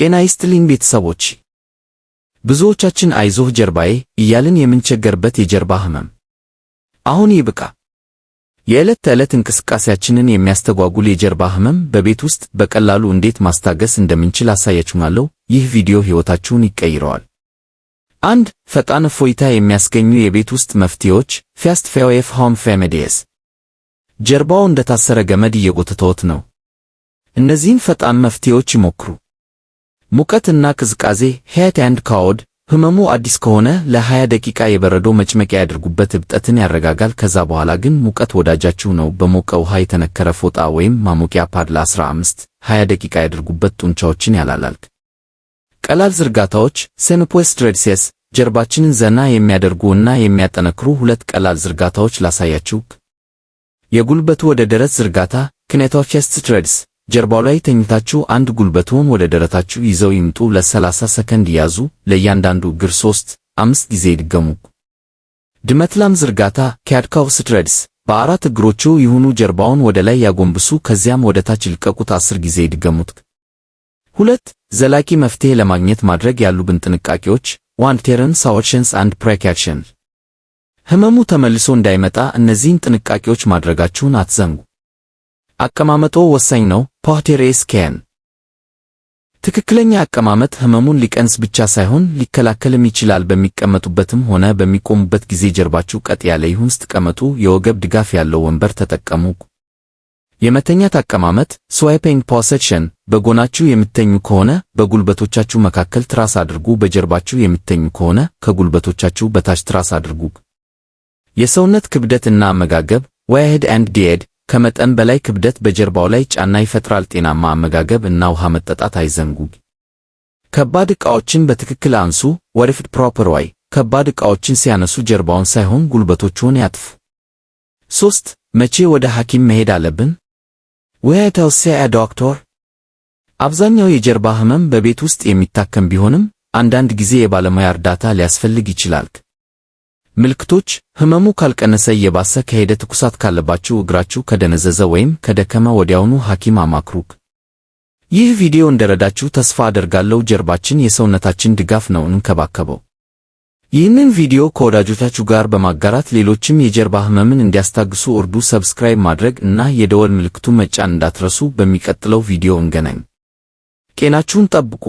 ጤና ይስጥልኝ ቤተሰቦች። ብዙዎቻችን አይዞህ ጀርባዬ እያልን የምንቸገርበት የጀርባ ህመም አሁን ይብቃ። የዕለት ተዕለት እንቅስቃሴያችንን የሚያስተጓጉል የጀርባ ህመም በቤት ውስጥ በቀላሉ እንዴት ማስታገስ እንደምንችል አሳያችኋለሁ። ይህ ቪዲዮ ሕይወታችሁን ይቀይረዋል። አንድ ፈጣን እፎይታ የሚያስገኙ የቤት ውስጥ መፍትሄዎች ፋስት 5 ሆም ሬሜዲስ። ጀርባው እንደታሰረ ገመድ እየጎተተዎት ነው? እነዚህን ፈጣን መፍትሄዎች ይሞክሩ። ሙቀትና ቅዝቃዜ ሄት ኤንድ ካውድ ህመሙ አዲስ ከሆነ ለ20 ደቂቃ የበረዶ መጭመቂያ ያድርጉበት። እብጠትን ያረጋጋል። ከዛ በኋላ ግን ሙቀት ወዳጃችሁ ነው። በሞቀ ውሃ የተነከረ ፎጣ ወይም ማሞቂያ ፓድ ለ15 20 ደቂቃ ያድርጉበት። ጡንቻዎችን ያላላልክ ቀላል ዝርጋታዎች ሴንፖስ ድሬድሴስ ጀርባችንን ዘና የሚያደርጉ እና የሚያጠነክሩ ሁለት ቀላል ዝርጋታዎች ላሳያችሁ። የጉልበቱ ወደ ደረት ዝርጋታ ክኔቶቼስት ትሬድስ ጀርባው ላይ ተኝታችሁ አንድ ጉልበቱን ወደ ደረታችሁ ይዘው ይምጡ። ለ30 ሰከንድ ያዙ። ለእያንዳንዱ እግር ሶስት አምስት ጊዜ ይድገሙ። ድመት ላም ዝርጋታ ካድካው ስትረድስ በአራት እግሮቹ ይሁኑ። ጀርባውን ወደ ላይ ያጎንብሱ፣ ከዚያም ወደ ታች ይልቀቁት። አስር ጊዜ ይድገሙት። ሁለት ዘላቂ መፍትሄ ለማግኘት ማድረግ ያሉብን ጥንቃቄዎች ዋን ቴረን ሳዎችንስ አንድ ፕሬካክሽን ህመሙ ተመልሶ እንዳይመጣ እነዚህን ጥንቃቄዎች ማድረጋችሁን አትዘንጉ። አቀማመጦ ወሳኝ ነው። ፖርቴሬስ ኬን ትክክለኛ አቀማመጥ ህመሙን ሊቀንስ ብቻ ሳይሆን ሊከላከልም ይችላል። በሚቀመጡበትም ሆነ በሚቆሙበት ጊዜ ጀርባችሁ ቀጥ ያለ ይሁን። ስትቀመጡ የወገብ ድጋፍ ያለው ወንበር ተጠቀሙ። የመተኛት አቀማመጥ ስዋይፒንግ ፖሰሽን፣ በጎናችሁ የምተኙ ከሆነ በጉልበቶቻችሁ መካከል ትራስ አድርጉ። በጀርባችሁ የምተኙ ከሆነ ከጉልበቶቻችሁ በታች ትራስ አድርጉ። የሰውነት ክብደት እና አመጋገብ ዋይድ ኤንድ ዲድ ከመጠን በላይ ክብደት በጀርባው ላይ ጫና ይፈጥራል። ጤናማ አመጋገብ እና ውሃ መጠጣት አይዘንጉ። ከባድ ዕቃዎችን በትክክል አንሱ። ወርፍድ ፕሮፐር ዋይ ከባድ ዕቃዎችን ሲያነሱ ጀርባውን ሳይሆን ጉልበቶቹን ያጥፉ። ሶስት መቼ ወደ ሐኪም መሄድ አለብን? ወይ ተውሲያ ዶክተር። አብዛኛው የጀርባ ህመም በቤት ውስጥ የሚታከም ቢሆንም አንዳንድ ጊዜ የባለሙያ እርዳታ ሊያስፈልግ ይችላል። ምልክቶች ህመሙ ካልቀነሰ እየባሰ ከሄደ፣ ትኩሳት ካለባችሁ፣ እግራችሁ ከደነዘዘ ወይም ከደከመ ወዲያውኑ ሐኪም አማክሩ። ይህ ቪዲዮ እንደረዳችሁ ተስፋ አደርጋለሁ። ጀርባችን የሰውነታችን ድጋፍ ነው፣ እንከባከበው። ይህንን ቪዲዮ ከወዳጆቻችሁ ጋር በማጋራት ሌሎችም የጀርባ ህመምን እንዲያስታግሱ እርዱ። ሰብስክራይብ ማድረግ እና የደወል ምልክቱ መጫን እንዳትረሱ። በሚቀጥለው ቪዲዮ እንገናኝ። ጤናችሁን ጠብቁ።